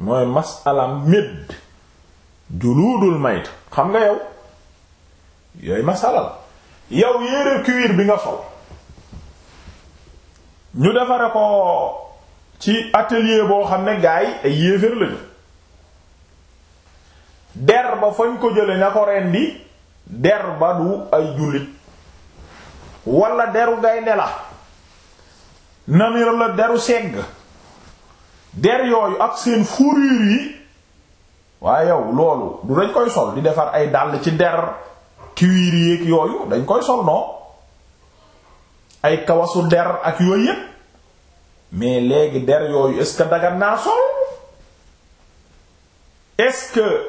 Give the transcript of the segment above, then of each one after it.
mooy masalaam médd juluudul mayt xam nga yow yooyu masalal yow yére cuir bi nga sol ñu defare ko ci atelier boo xam ne gaay ay yéeféer lañu der ba fañ ko jële ña ko rendi der ba du ay jullit wala deru gaynde la namir la deru segg der yooyu ak seen fourrure yi waaye yow loolu du dañ koy sol di defar ay dàll ci der cuir yéeg yooyu dañ koy sol non ay kawasu der ak yooyu yépp mais léegi der yooyu est-ce que dagan naa sol est-ce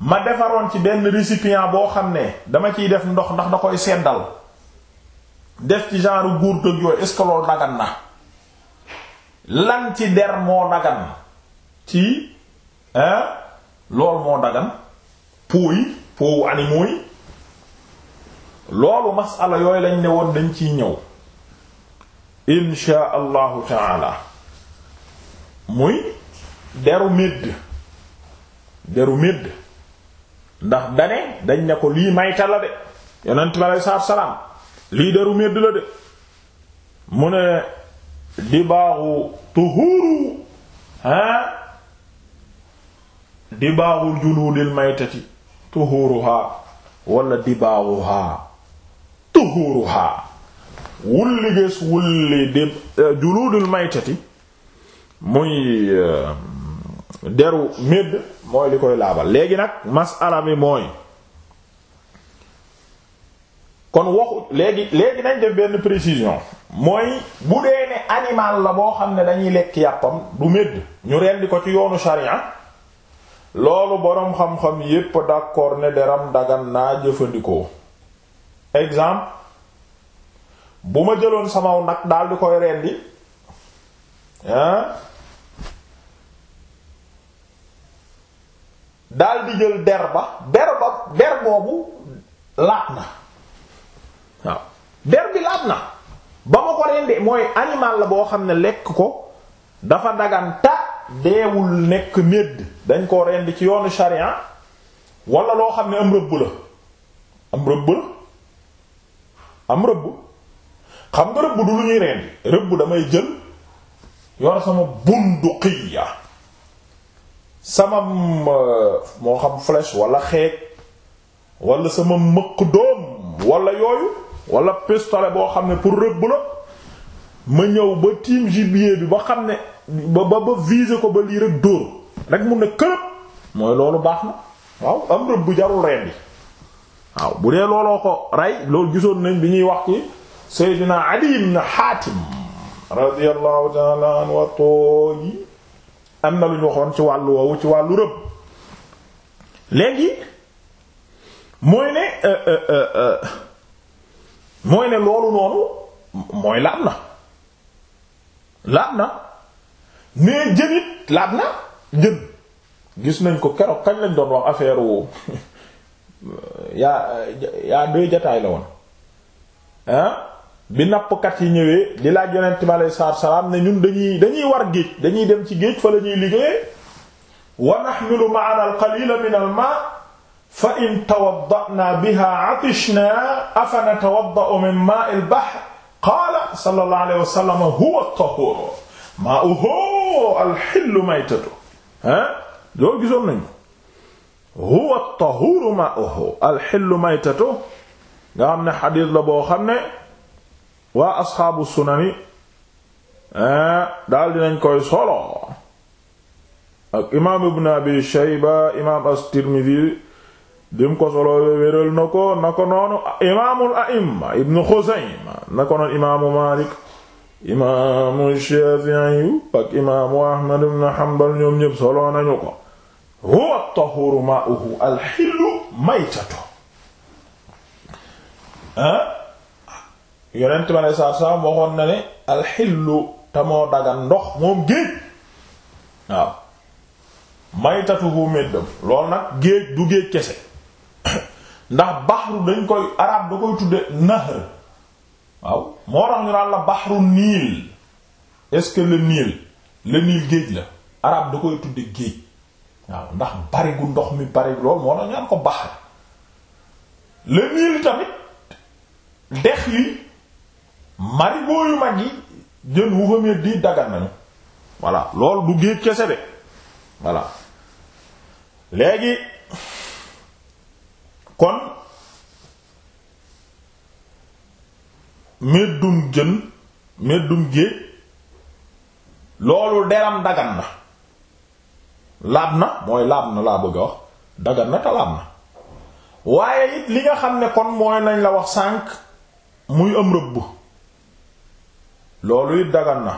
ma defaroon ci benn récipient boo xam ne dama ciy def ndox ndax da koy seddal def ci genre guurtëg yooyu est-ce loolu dagan na lan ci der moo dagan ci loolu moo dagan po yi powu animaux yi loolu masala yooyu lañ ne woon dañ ciy ñëw insha allahu taala muy deru médd deru médd ndax dane dañ ne ko lii mayta la de yonent bi alei salaam lii deru médd la de mu ne dibaaxu tuhuru ah dibaaxu juluudil maytati tuhuruha wala dibaaxuha tuhuruha wulli gés wulli di eh, juluudil maytati muy eh, deru médd mooy li koy laabal léegi nag masala mi mooy kon waxu léegi léegi nañ def benn précision mooy bu dee ne animal la boo xam ne dañuy lekk yàppam du medd ñu rendi ko ci yoonu sharia loolu boroom xam-xam yépp d'accord ne deram dagan naa jëfandikoo exemple bu ma jëloon samaw nag daal di koy rendi hein daal di jël der ba der ba der boobu laab na waaw der bi laab na ba ma ko rendee mooy animal la boo xam ne lekk ko dafa daganta deewul nekk médd dañ ko rend ci yoonu sharia wala loo xam ne am rëbb la am rëbb la am rëbb xam nga rëbb du lu ñuy rendi rëbb damay jël yor sama bunduqiya sama euh, moo xam flèche wala xeej wala sama mëq doom wala yooyu wala pistolet boo xam ne pour rëbb la ma ñëw ba tiim gibier bi ba xam ne ba ba ba ko ba lii rek dóor rek mun ne kërëb mooy loolu baax na waaw am rëbb jarul reen bi waaw bu dee looloo ko rey loolu gisoon nañ bi ñuy wax ci Seydina Adi ibn Hatim radiyallahu ta'ala anhu am na lu ñu waxoon ci wàllu woowu ci wàllu rëbb léegi mooy ne euh, euh, euh, mooy ne loolu noonu mooy laab na laab na mais jën it laab na jën gis nañ ko keroog kañ lañ doon wax affaire wu yaa yaa doy jataay la woon ah bi nappkat yi ñëwee di laaj yonent bi aleyhi salaatu salaam ne ñun dañuy dañuy war géej dañuy dem ci géej fa la ñuy liggéeyee wa nahmilu ma'ana al qalila min al ma' fa in tawadda'naa bihaa atishnaa afa natawadda'u min maa'il bahr qaala sallallahu alayhi wa sallam huwa at-tahuur maa'uhu al-hillu maytatuhu ah loolu gisoon nañu huwa at-tahuur maa'uhu al-hillu maytatuhu nga xam ne xadiis la boo xam ne waa asxaabu sunani daal dinañ koy solo ak imaam ibn abi shayba imaam as-tirmidhi bi mu ko solo wéral na ko na ko noonu imaamul a'imma ibnu Xuzayma na ko noonu imaamu Maalik imaamu Shaafi'i ak imaamu Ahmad ibnu Hanbal ñoom ñépp solo nañu ko huwa at-tahuuru maa'uhu al-hillu ma ne saa saa waxoon na ne alxillu te moo dagan ndox moom géej waaw maytatuhu méddam loolu nag géej du géej kese ndax baxru dañ koy arab da koy tudde nahr waaw moo tax ñu naan la baxru niil est-ce que le niil le niil géej la arab da koy tudde géej waaw ndax bari gu ndox mi bari lool moo tax ñu naan ko baxru le niil tamit dex yi marigot yu mag yi jën wu fa met di dagan nañu voilà loolu du géej kese de voilà léegi kon meddum jën meddum géej loolu deram dagan na laab na mooy laab na laa bëgg a wax dagan na te laab na waaye it li nga xam ne kon mooy nañ la wax sànq muy am rëbb loolu it dagan na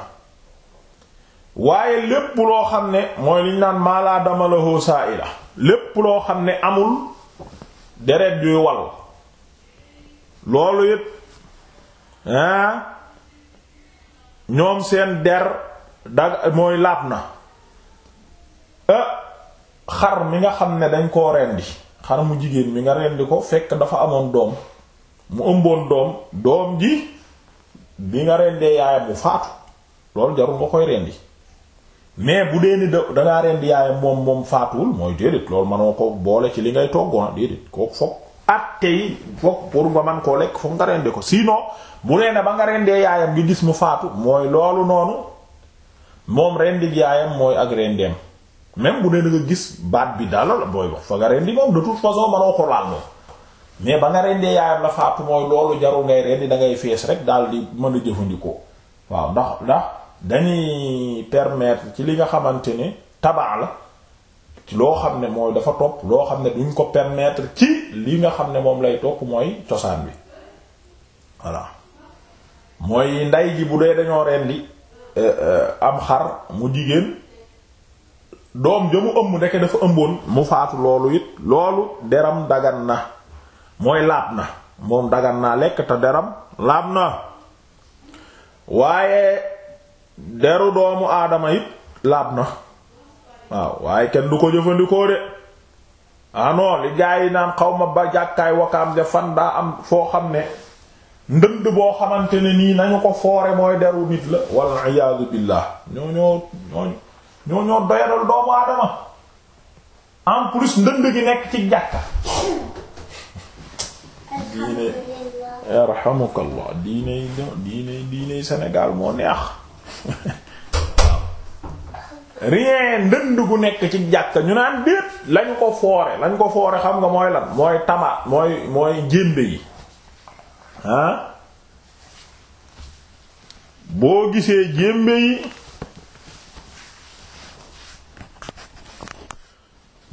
waaye lépp loo xam ne mooy liñ naan maalaa dama la hoo saa lépp loo xam ne amul deret yuy wal loolu it ah ñoom seen der dag mooy laab na ah, xar mi nga xam ne dañ koo rendi xar mu jigéen mi nga rendi ko fekk dafa amoon doom mu ëmboon doom doom ji bi nga rendee yaayam bu faatu loolu jarul nga koy rendi mais bu dee ni da dangaa rendi yaayam moom moom faatuwul mooy déedéet loolu mënoo ko boole ci li ngay toggoon ah, déedéet kooku foog atte yi foog pour nga mën koo lekk foog nga rendi ko sinon bu nee ne ba nga rendee yaayam ngi gis mu faatu mooy loolu noonu moom rendi yaayam mooy ak rendeem même bu dee da nga gis baat bi daal la booy wax fa nga rendi moom de façon mënoo ko laal moom mais ba nga rendee yaayam la faatu mooy loolu jarul ngay rendi da ngay fees rek daal di mën jëfandikoo dañuy permettre ci li nga xamante ne tabaa la loo xam ne mooy dafa topp loo xam ne duñ ko permettre ci li nga xam ne moom lay topp mooy cosaan bi voilà mooy nday ji bu dee dañoo rendi euh, euh, am xar mu jigéen doom ja mu ëmb ndeke dafa ëmboon mu faatu loolu it loolu deram dagan na mooy laab na moom dagan naa lekk te deram laab na waaye deru doomu aadama it laab na waaw waaye kenn du ko jëfandikoo de anon ah li gaa yi naan xaw ma ba jàkkaay wakaam de fan daa am foo xam ne ndënd boo xamante ni nii nañu ko foore mooy deru nit la walla iyaadu billaah ñoo ñoo ñoo ñoo doyadal doomu aadama en plus ndënd gi nekk ci jàkka diine yarhamukallah diine diine diine Sénégal moo neex rien ndënd gu nekk ci jàkka ñu naan déet lañ ko foore lañ ko foore xam nga mooy lan mooy tamaat mooy mooy jënd yi ah boo gisee jémbe yi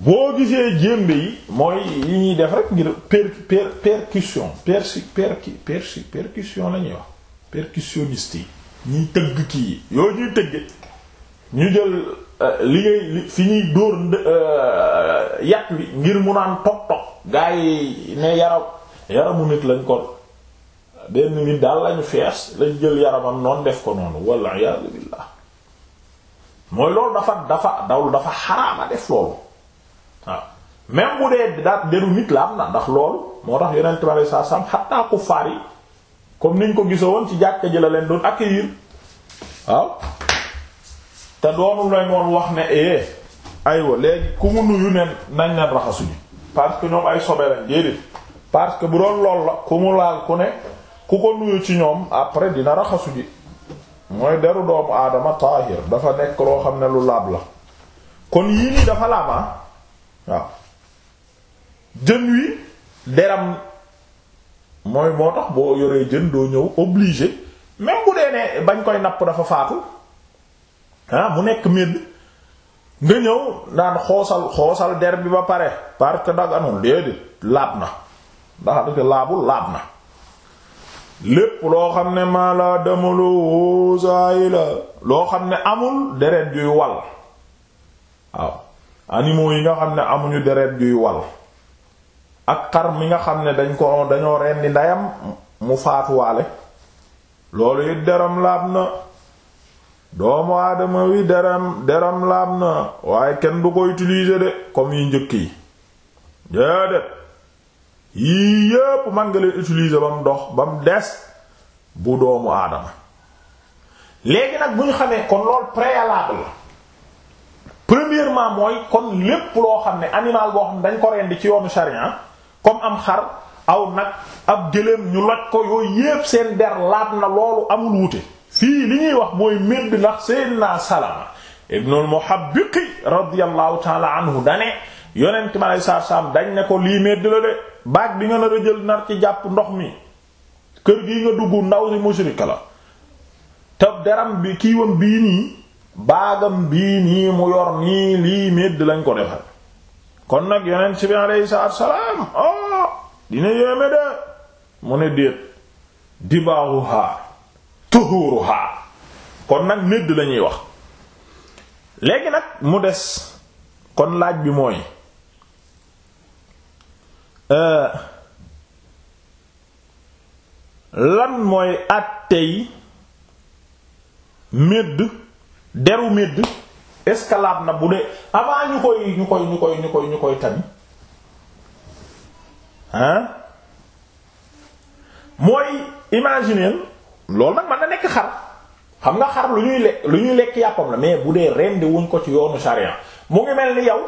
boo gisee jémbe yi mooy yi ñuy def rek ngir per per percussion persi percu persi percussion la ñuy wax percussionniste yi ñuy tëgg kii yooyu ñuy tëgge ñu jël euh, li ngay fi ñuy dóor euh, yat wi ngir mu naan tog tog gaa yi ne yaram yaramu nit lañ ko benn nit daal lañu fees lañ jël yaramam noonu def ko noonu walla iyaazu billaah mooy loolu dafa dafa dawul dafa xaraama def loolu waaw même bu dee daat deru nit la am na ndax loolu moo tax yeneen tamit saa sam xattaa kuffaar yi comme niñ ko gisoo woon ci jàkka ji la leen doon accueillir waaw te doonu leen woon wax ne eh aywa léegi ku mu nuyu ne nañ leen raxasuñu parce que ñoom ay sobe lañ déedéet parce que bu doon lool la ku mu laal ku ne ku ko nuyu ci ñoom après dina raxasu ji mooy deru doomu aadama taahir dafa nekk loo xam ne lu laab la kon yii nii dafa laaba ah. waaw jën wi deram mooy moo tax boo yoree jën doo ñëw obligé même bu dee ne bañ koy napp dafa faatu ah mu nekk medd nga ñëw daan xoosal xoosal der bi ba pare parce que daganul déedéet laab na ndax dëgg laabul laab na lépp loo xam ne maa la demalu saayi la loo xam ne amul deret yuy wal waaw animaux yi nga xam ne amuñu deret yuy wal ak xar mi nga xam ne dañ ko dañoo rendi ndeyam mu faatuwaale loolu it deram laab na doomu aadama wi deram deram laab na waaye kenn du ko utiliser de comme yu njëkk yi déedéet yii yépp man nga ba mu dox ba mu des bu doomu aadama léegi nag bu ñu xamee kon lool préalable la premièrement mooy kon lépp loo xam ne animal boo xam ne dañ ko rendi ci yoonu sharia comme am xar aw nag ab gëléem ñu loj ko yooyu yépp seen der laat na loolu amul wuute fii li ñuy wax mooy médd ndax Seydina Salama ibnul Muhabbiqi radiyallahu taala anhu dane yonent mi alei saatu salaam dañ ne ko lii médd la de baag bi nga nar a jël nar ci jàpp ndox mi kër gi nga dugg ndaw si musrika la te deram bi kiiwam bii nii baagam bii nii mu yor nii lii médd lañ ko defal kon nag yonent bi aleyhi salaam oh, dina yéeme de mu ne déet dibaaruha tuhuruha kon nag nédd lañuy wax léegi nag mu des kon laaj bi mooy euh, lan mooy àttey médd deru médd escalade na bu dee avant ñu koy ñu koy ñu koy ñu koy ñu koy tami ah mooy imaginer loolu nag mën na nekk xar xam nga xar lu ñuy lekk lu ñuy lekk yàppam la mais bu dee rendi wuñ ko ci yoonu sharia mu ngi mel ni yow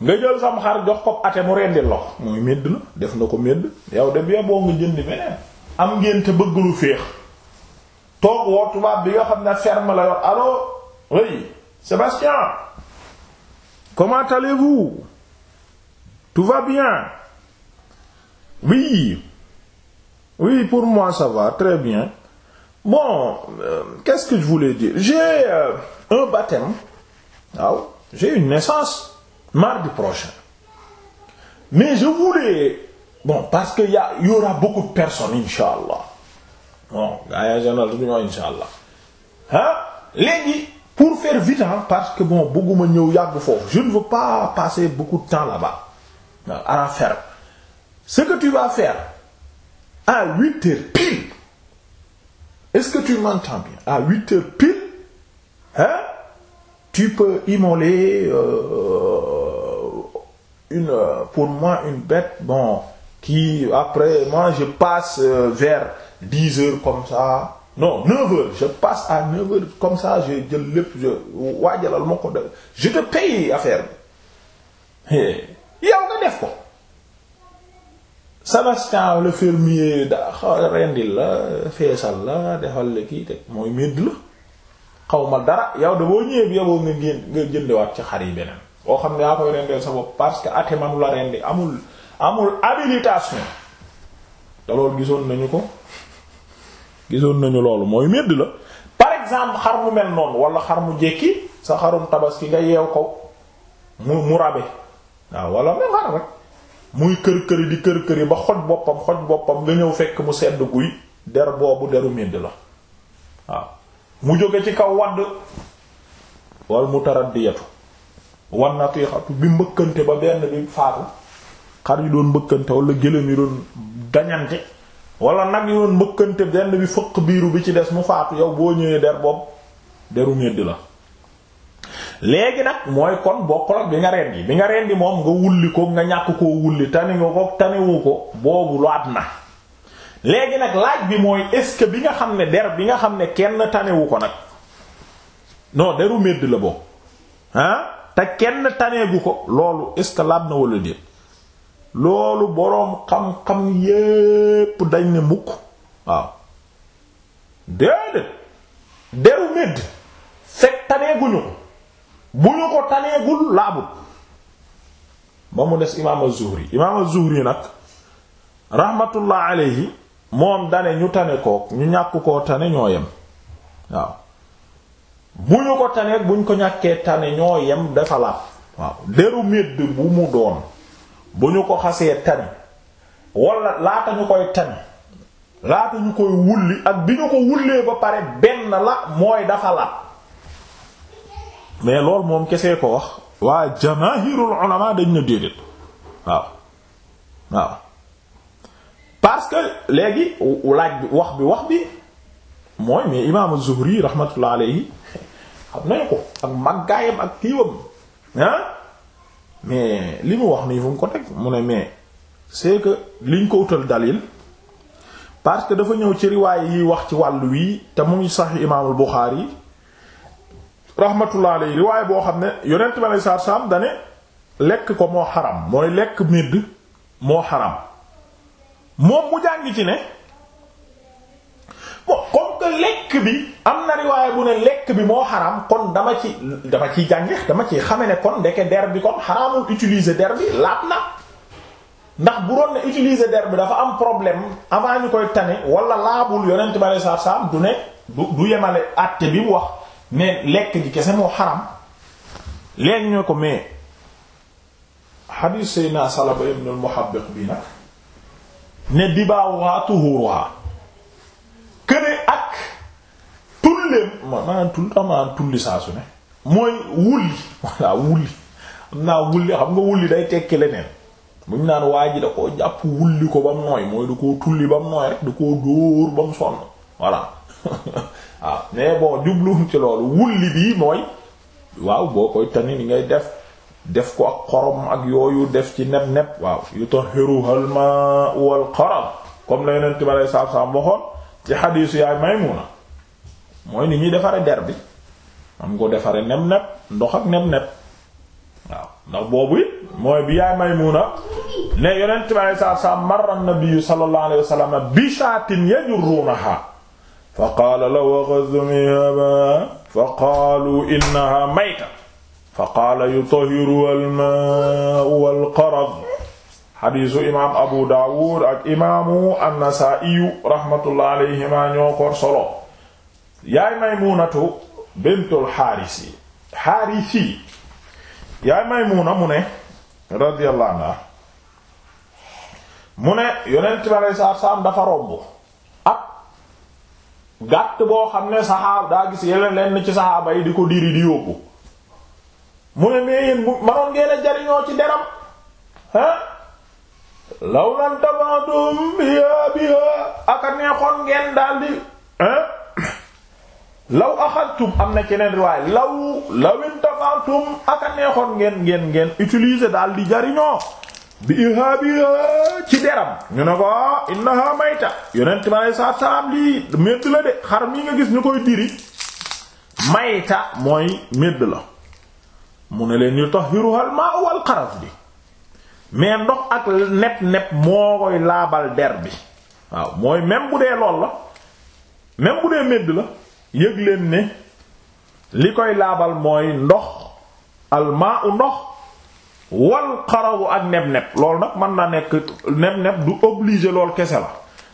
nga jël sam xar jox ko ate mu rendi lox mooy medd la def na ko medd yow de bien boo nga jëndi beneen am ngeen te bëgg lu féex toog woo tubaab bi nga xam ne ferme la yor allo oui Sébastien comment allez-vous oui oui pour moi ça va très bien bon euh, ce que je voulais dire j'ai euh, un baptême j'ai une naissance mardi prochain mais je voulais bon parce que y a y aura beaucoup de personnes insha bon gars yi général du ñoo insha allah léegi pour faire vite parce que bon bëgguma ñëw yàgg foofu je ne veux pas passer beaucoup de temps là à la ce que tu vas faire à huit heures pile est-ce que tu m'entends bien à huit heures pile hein tu peux immoler euh, euh, pour moi une bête qui après moi je passe euh, vers dix heures comme ça non neuf heures je passe à neuf heures comme ça je jël je waajalal ma je te paye affaire bi eh, yow nga def ko. Sébastien le fermier da rendil la feesal la defal la kii teg mooy médd la xaw ma dara yow da boo ñëwee yoboo nga génn nga jëndewaat ci xar yi beneen boo xam ne yaa koy rendeel sa bopp parce que ate manu la rendi amul amul habilitation te loolu gisoon nañu ko gisoon nañu loolu mooy médd la par exemple xar mu mel noonu wala xar mu jekki sa xarum tabaski nga yeew ko mu mu rabe waaw wala même xar rek muy kër kër di kër kër yi ba xoj boppam xoj boppam nga ñëw fekk mu sedd guy der boobu deru medd la waaw mu jóge ci kaw wadd wal mutaraddiyatu wan natixatu bi mbëkkante ba benn bi faatu xar yi doon mbëkkante wala gëléem yi doon dañante wala nag yi mbëkkante benn bi fëq biiru bi ci des mu faatu yow boo ñëwee der boobu deru medd la léegi nag mooy kon bokkul ak bi nga rendi bi nga rendi moom nga wulli ko nga ñàkk koo wulli tani nga ko taniwu ko boobu laat na léegi nag laaj bi mooy est-ce que bi nga xam ne der bi nga xam ne kenn tanewu ko nag non deru medd la boobu ah te kenn taneegu ko loolu est-ce que laab na wala loolu boroom xam-xam yépp dañ ne mukk waaw déedéet deru medd fekk taneeguñu ko bu ñu ko taneegul laabut ba mu des imaam az-Zuhri imaam az-Zuhri nag rahmatullah alayhi moom dane ñu tane kook ñu ñàkk koo tane ñoo yem waaw bu ñu ko taneeg bu ñu ko ñàkkee tane ñoo yem dafa laab waaw deru médd bu mu doon bu ñu ko xasee tane wala laata ñu koy tane laata ñu koy wulli ak bi ñu ko wullee ba pare benn la mooy dafa mais loolu moom kese ko wax waa jamaahirul ulama dañ na déedéet waaw waaw parce léegi laaj bi wax bi wax bi mooy mais imaamu Zuhri rahmatullah alayhi xam nañ ko ak màggaayam ak kiiwam mais li mu wax nii fu ko teg mu ne mais c'est que liñ ko utal dalil parce que dafa ñëw ci yi wax ci wàll wii te mu ngi sax imaamul Buxaari rahmatullah alayhi boo xam ne yonent bi alayhi salaatu salaam dane lekk ko moo xaram mooy lekk medd moo xaram moom mu jàngi ci ne bon comme que lekk bi am na riwaay bu ne lekk bi moo xaram kon dama ci dama ciy jàngeex dama ci xame ne kon ndeke der bi kon xaraamul utilise der bi laab na ndax bu doon ne utiliser der bi dafa am problème avant ñu koy tane wala laabul yonent bi alayhi salaatu salaam du ne du yemale àtte bi mu wax mais lekk ji kese moo xaram léegi ñoo ko mais xadiis naa Salaba ibn al-Muhabbiq bi nag ne dibaawuha tuhuruha këne ak tulleem maanaam tull maanaam tulli saa su ne mooy wulli walla wulli xam nga wulli day tekki leneen muñ naan waa ji da koo jàpp wulli ko ba mu nooy mooy du koo tulli ba mu nooy rek da koo dóor ba sonn voilà waaw ah, mais boo jubluwuñ ci loolu wulli bii mooy waaw boo koy tani ni ngay def def ko ak xorom ak yooyu def ci neb neb waaw yutahhiruha al-ma'u wal qaram comme la yonent bi alei saatu salaam waxoon ci xadiisu yaay Maymuna mooy ni ñuy defare der bi am ko defare neb neb ndox ak neb neb waaw ndax boobu it mooy bi yaay Maymuna ne yonent bi alei saatu salaam marra an-nabiyyu sallallahu alayhi wa sallam bi shaatin yajurrunaha fa qaala lahu axadtu mihaba fa qaalu innaha mayta fa qaala yutahiru almaau walqarad xadiisu imaam abu daawud ak imaamu annasaaiyu rahmatullah alayhima ñoo ko solo yaay maymuunatu bintul xaarisi xaarisi yaay maymuuna mu ne radiyallahu anha mu ne yonent bi alayhi salaam dafa romb gàtt boo xam ne saxaaba daa gis yeneen lenn ci saxaaba yi di ko diri di yóbbu mu ne mais yéen manoon ngeen a jariñoo ci deram ah law lan tabantum biha biha aka neexoon ngeen daldi ah law axadtum am na keneen riwaay law lawin tabantum aka neexoon ngeen ngeen ngeen utiliser daldi jariñoo bi ihaabiha ci deram ñu ne ko innaha mayta yonent ma lay saa salaam lii médd la de xar mi nga gis ñu koy diri mayta mooy médd la mu ne leen yutahhiruha al-ma'u wal xaras bi mais ndox ak nepp nepp moo koy laabal der bi waaw mooy même bu dee lool la même bu dee médd la yëg leen ne li koy laabal mooy ndox al-ma'u ndox wal xarawu ak neb-neb loolu nag mën naa nekk neb-neb du obligé lool kese la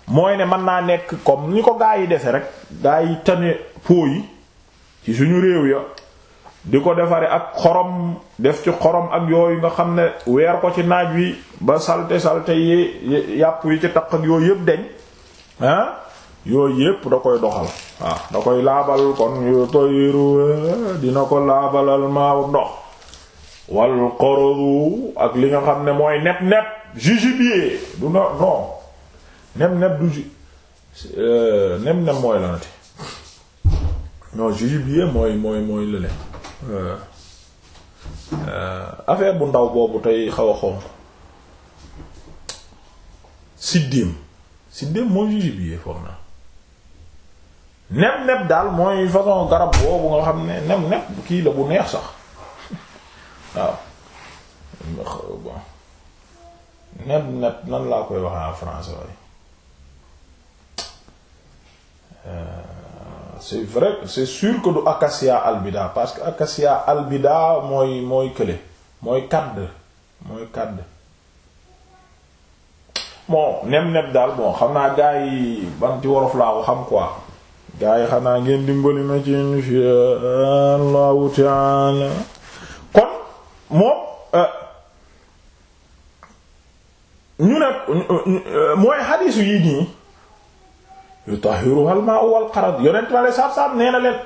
mooy ne mën naa nekk comme ni ko gaa yi dese rek gaa yi tane po yi ci suñu réew ya di ko defaree ak xorom def ci xorom ak yooyu nga xam ne weer ko ci naaj wi ba salte salte yi yàpp yi ci taq ak yooyu yëpp deñ ah yooyu yëpp da koy doxal waaw ah, da koy laabal kon yo toyru dina ko laabalal maaw ndox wal qorodu ak li nga xam ne mooy neb neb jujubier du no non neb neb du ju euh, mooy lanati non mooy mooy mooy lële euh, euh, affaire bu ndaw boobu tey xaw a xonq siddim siddim mooy jujubier foog na neb neb daal mooy façon garab boobu nga xam ne neb neb kii la bu neex sax waaw bon net net laa koy wax en français waaye euh, c'est vrai c'est sûr que du acacia albida parce que acacia albida mooy mooy kële mooy kadd mooy kadd bon nem neb daal bon xam naa gaa yi ban ci wolof laa ko xam gaa yi xam naa ngeen dimbali ma ci insha Allahu ta'ala moom euh, ñu ne euh, euh, mooy xadiisu yii nii yutahiruha al-ma'u wal qarad yonent ma lay saab-saab nee na leen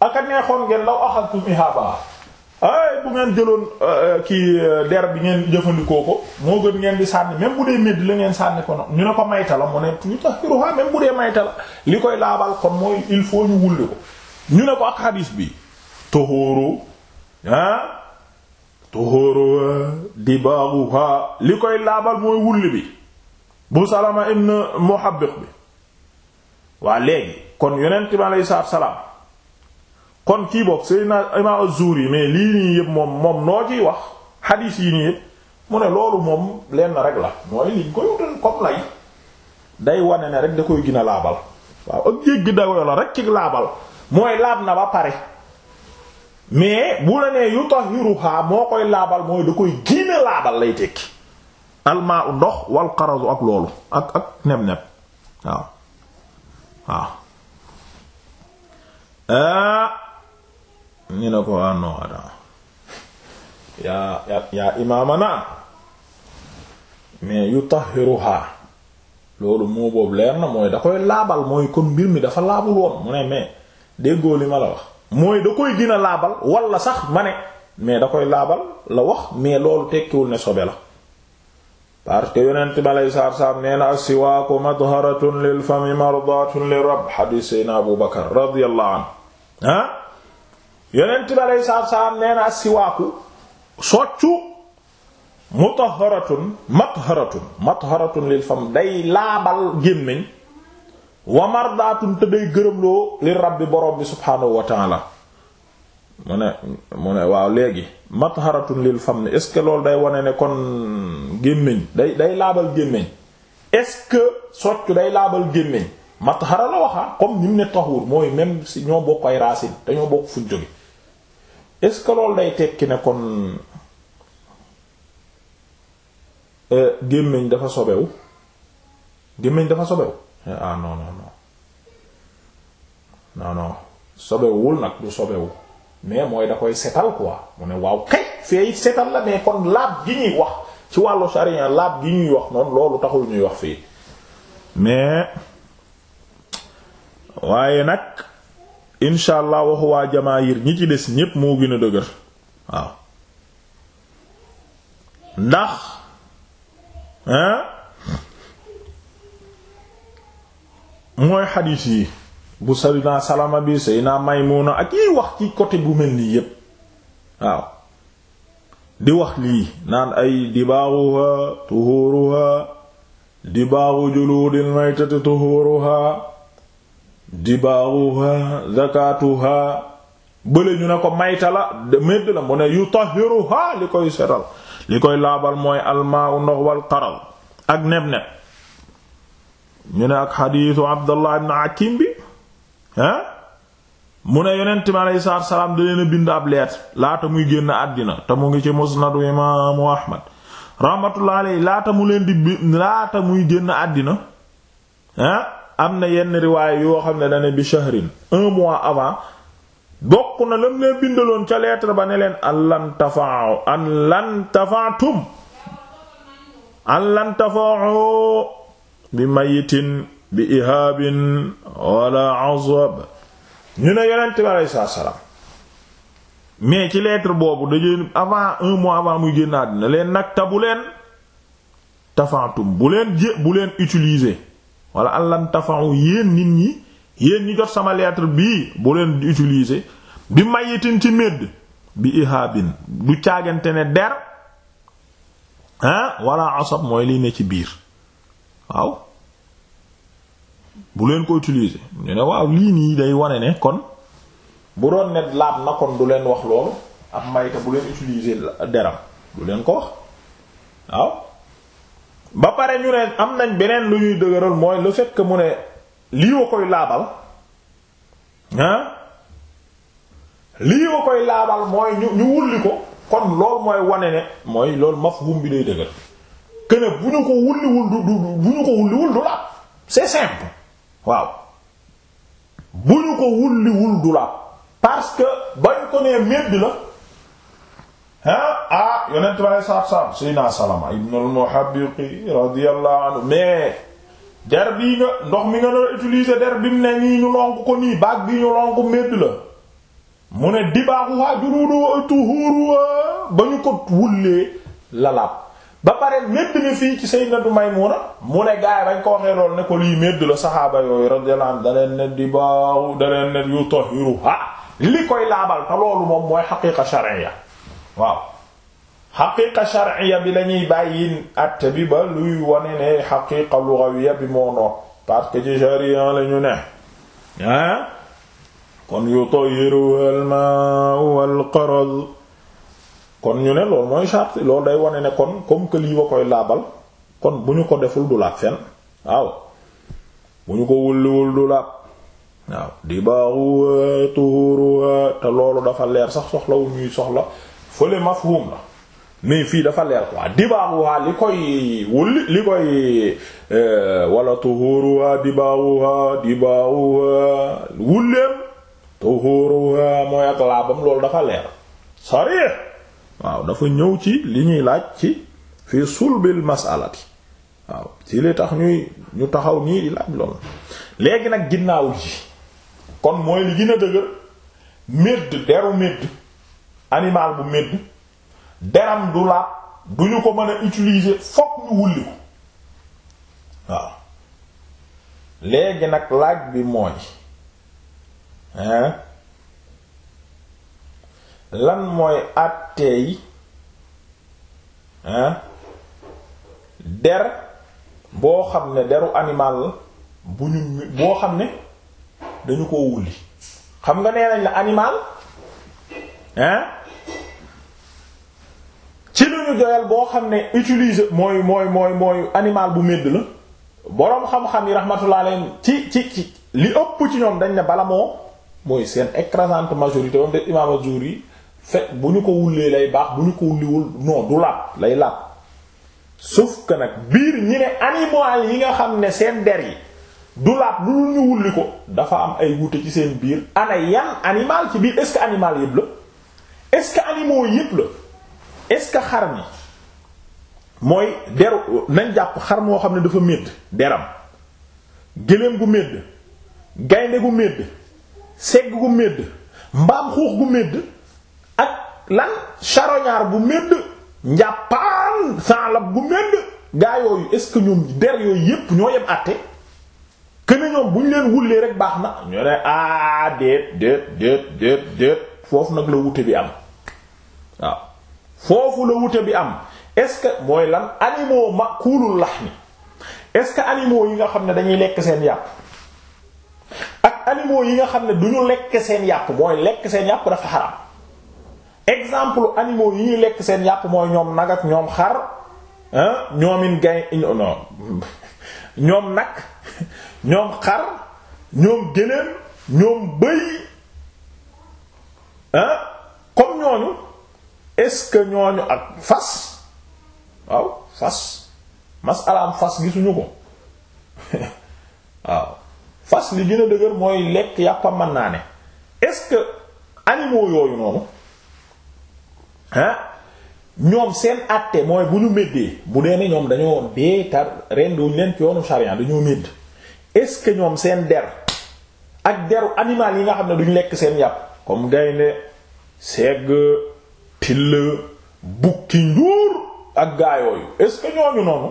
ak a neexoon ngeen law axadtum ihaba ay bu ngeen jëloon kii der bi ngeen jëfandikoo ko moo gën ngeen di sànni même bu dee médd la ngeen sànni ko ñu ne ko mayta la mu ne yutahiruha même bu dee mayta la li koy laabal kon mooy il faut ñu wulli ko ñu ne ko ak xadiis bi tohóoroo tuhóoruha dibaaguha li koy laabal mooy wulli bi bu salama ibn muhabbiq bi waa léegi kon yonent bi aleyhi salaatu salaam kon kii bokk Seydina Imaam az yi mais lii nii yëpp moom moom noo ciy wax xadiis yi nii yëpp mu ne loolu moom lenn rek la mooy liñ koy wutal comme lay day wane ne rek da koy gën a laabal waaw ak jéggi dayoo la rek ci laabal mooy laab na ba pare mais bu la nee yutahiruha moo koy laabal mooy da koy génne laabal lay tekki almaa ndox wal qarazu ak loolu ak ak neb-neb waaw waaw ah ñu ne ko ah non yaa yaa yaa imaamana mais yutahiruha loolu moo boobu leer na mooy da koy laabal mooy kon mbir mi dafa laabul woon mu ne mais déggoo li ma la wax mooy da koy gën a laabal wala sax ma ne mais da koy laabal la wax mais loolu tekkiwul ne sobe la parce que yonent bi aleyhi salaatu salaam nee na as-siwaaku madharatun lil fami mardatun lir rabb xadiis sayna Abu Bakar radiyallahu anhu yonent bi aleyhi salaatu salaam nee na as soccu mutahharatun matharatun matharatun lil fam day laabal gémmiñ wa mardaatun te day gërëmloo li rabbi borom bi subhaanahu wa taala mu ne mu ne waaw léegi matharatun lil fam ni est-ce que loolu day wane ne kon gémmiñ day day laabal gémmiñ est-ce soccu day laabal gémmiñ mathara la waxa ah, comme nim ne taxuur mooy même si ñoo bokk ay racines dañoo bokk fuñ jóge est-ce que loolu day tekki ne kon euh, gémmiñ dafa sobewu gémmiñ dafa sobewu Eh, ah non sobewul nag du sobewu mais mooy da koy setal quoi mu ne waaw kay fee setal la mais kon laab gi ñuy wax ci wàllu sharia laab gi ñuy wax noonu loolu taxul ñuy wax fii mais waaye nag incha allah waxu waa jamaahir ñi ci des ñépp moo gina a dëgër waaw ndax hein mooy xadiis yi bu sayyidina salaama bi sayyidina maymuna ak yiy wax ci côté bu mel nii yépp waaw di wax lii naan ay dibaaruha tuhuruha dibaaru juluudil maytati tuhuruha dibaaruha zakatuha bële ñu ne ko mayta la medd la mu ne yutahiruha li koy setal li koy laabal mooy almaa ndox wal qaral ak neb-neb ñu ne ak xadiisu abdallah ibn hakim bi ah mu ne yonent mi aleyhi salaatu salaam da a bind ab leet laata muy génn àddina te mu ngi ci musnadu imaamu ahmad rahmatullah aleyhi laata mu leen di bind laata muy génn àddina ah am na yenn yoo xam ne dane bi bokk na lam leen bindaloon ca lettre ba ne leen an lan tafa'u an lan tafa'tum an bi mayitin bi ihaabin wala azab ñu ne yonent bi aleyhi salaatu salaam mais ci lettre boobu dañu avant un mois avant muy génn àddina leen nag ta bu leen tafantum bu leen jé bu leen utiliser wala allan tafantu yéen nit ñi yéen ñi jot sama lettre bii bu leen utiliser bi mayitin ci médd bi ihaabin du caagante ne der ah wala asab mooy lii ne ci biir waaw bu leen ko utiliser ñu ne waaw lii nii day wane ne kon bu doon net laab na kon du leen wax loolu ab mayta bu leen utiliser deram du leen ko wax waaw ba pare ñu ne am nañ beneen lu ñuy dëgëral mooy lu fait que mu ne lii wa koy laabal ah lii wa koy laabal mooy ñu ñu wulli ko kon loolu mooy wane ne mooy loolu mafhum bi day dëgër que ne bu ñu ko wulliwul du du laab c'est simple waaw bu ñu ko wulliwul du laab parce que bañ ko nee medd la ah ah yonent bi alei saatu salaam Seydina Salama ibn al-Muhabbiqi radiyallahu anhu mais der bii nga ndox mi nga doon utiliser der bi mu ne nii ñu lonk ko nii baag bi ñu lonk medd la mu ne dibaaxuhaa juruudu tuhuuru ba ñu ko wullee lalaab ba pare médd mi fii ci sayyidatu Maymuna mu ne gaay bañ ko waxee lool ne ko lii médd la saxaaba yooyu ra anhu da leen ne di baaw da leen ne yutahiruha li koy laabal te loolu moom mooy xaqiqa shar'iyya waaw xaqiqa shar'iyya bi lañuy ñuy bàyyi bi ba luy wane ne xaqiqa lughawiyya bi moo noot parce que ci sharia la ñu ne ah kon yutahiruha al-ma'u wal-qarad kon ñu ne loolu mooy charte loolu day wane ne kon comme kël lii ba koy laabal kon bu ñu ko deful du laab fenn waaw bu ñu ko wulliwul du waaw di baaxuwa tuhuruwa te loolu dafa leer sax soxlawul ñuy la mais fii dafa leer quoi dibaaxuwaa li koy koy euh, wala tuhuruwa dibaaxuwa dibaaxuwa wulleem tuhuruwa mooy ak laabam loolu dafa leer sari waaw dafa ñëw ci li ñuy laaj ci fi sulbil masalati waaw ci li tax ñuy ñu taxaw nii laaj lool léegi nag ginnaaw ji kon mooy li gën a dëgër médd deru médd animal bu médd deram du laab du ñu ko mën a utiliser fokk ñu wulli ko waaw léegi nag laaj bi mooy hein lan mooy àtteey hein der boo xam ne deru animal bu ñu boo xam ne dañu ko wulli xam nga nee nañ la animal hein ci lu ñu doyal boo xam ne utiliser mooy mooy mooy mooy animal bu medd la boroom xam-xam yi rahmatullah alayhim ci ci ci li ëpp ci ñoom dañ ne bala moo mooy seen écrasante majorité moom de imam Azuri fekk bu ñu ko wullee lay baax bu ñu ko wulliwul non du lay laab sauf que nag biir ñi ne animal yi nga xam ne seen der yi du laab lu ñu wulli ko dafa am ay wuute ci seen biir ana yan animal ci biir est-ce que yépp la est-ce que animaux yépp la est-ce que xar mi mooy deru nañ jàpp xar moo xam ne dafa médd deram géléem gu médd gaynde gu médd segg gu médd mbaam xuux gu médd ak lan charognard bu medd njàppaan sanlab bu medd gaa yooyu est-ce que ñoom der yooyu yépp ñoo yem àtte kene ñoom bu ñu leen wullee rek baax na ñoo ne a ah, déet déet déet déet déet foofu nag la wute bi am waaw foofu la wute bi am est-ce que mooy lan animaux makulul laxmi est-ce que animaux yi nga xam ne dañuy lekk seen yàpp ak animaux yi nga xam ne duñu lekk seen yàpp mooy lekk seen yàpp dafa xaraam exemple animaux yi ñu lekk seen yàpp mooy ñoom nag ak ñoom xar ñoomin gay ñoom nag ñoom xar ñoom gëléem ñoom bëy comme ñooñu est-ce que ñooñu ak fas waaw fas masalaam fas gisuñu ko waaw fas li gën a dëgër mooy lekk yàppam man naa ne est-ce que animaux yooyu noonu ah ñoom seen àtte mooy bu ñu méddee bu dee ne ñoom dañoo dee tar renduñ leen ci yoonu sharia dañoo médd est-ce que ñoom seen der ak deru animal yi nga xam ne duñ lekk seen yàpp comme gaynde segg till bukki njuur ak gaayooyu est-ce que ñooñu noonu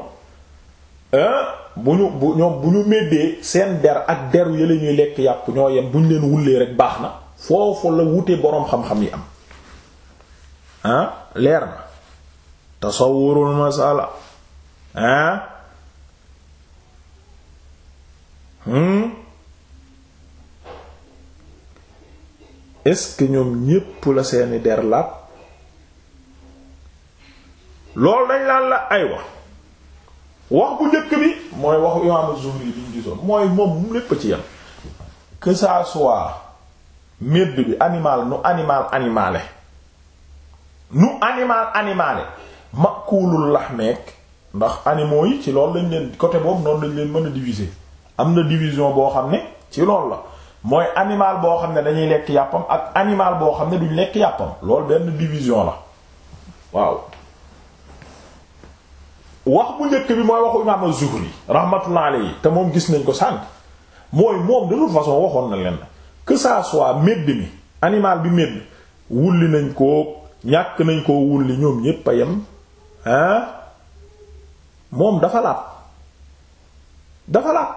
bu ñu bu ñoom bu ñu méddee seen der ak deru yële ñuy lekk yàpp ñoo yem bu ñu leen wullee rek baax na foofu la wute boroom xam-xam yi am ah leer na tasawurul masala ah hmm ñoom ñépp la seeni der laab loolu dañ laan la aywa wax bu njëkk bi mooy wax imaam Zuhri bi ñu gisoon mooy moom lépp ci yam que medd bi animal nu animal animale nu ñu animal mag makuulul lax meek ndax animaux yi ci loolu lañ leen côté boobu noonu lañ leen mën a diviser am na division boo xam ne ci loolu la mooy animal boo xam ne dañuy lekk yàppam ak animal boo xam ne duñ lekk yàppam loolu benn division la waaw wax bu njëkk bi mooy waxu imaam az-Zuhri rahmatullah alayhi te moom gis nañ ko sànq mooy moom de toute façon waxoon na leen que ça soit médd mi animal bi médd wulli nañ ko ñàkk nañ koo wulli ñoom ñépp a yem hein moom dafa laab dafa laab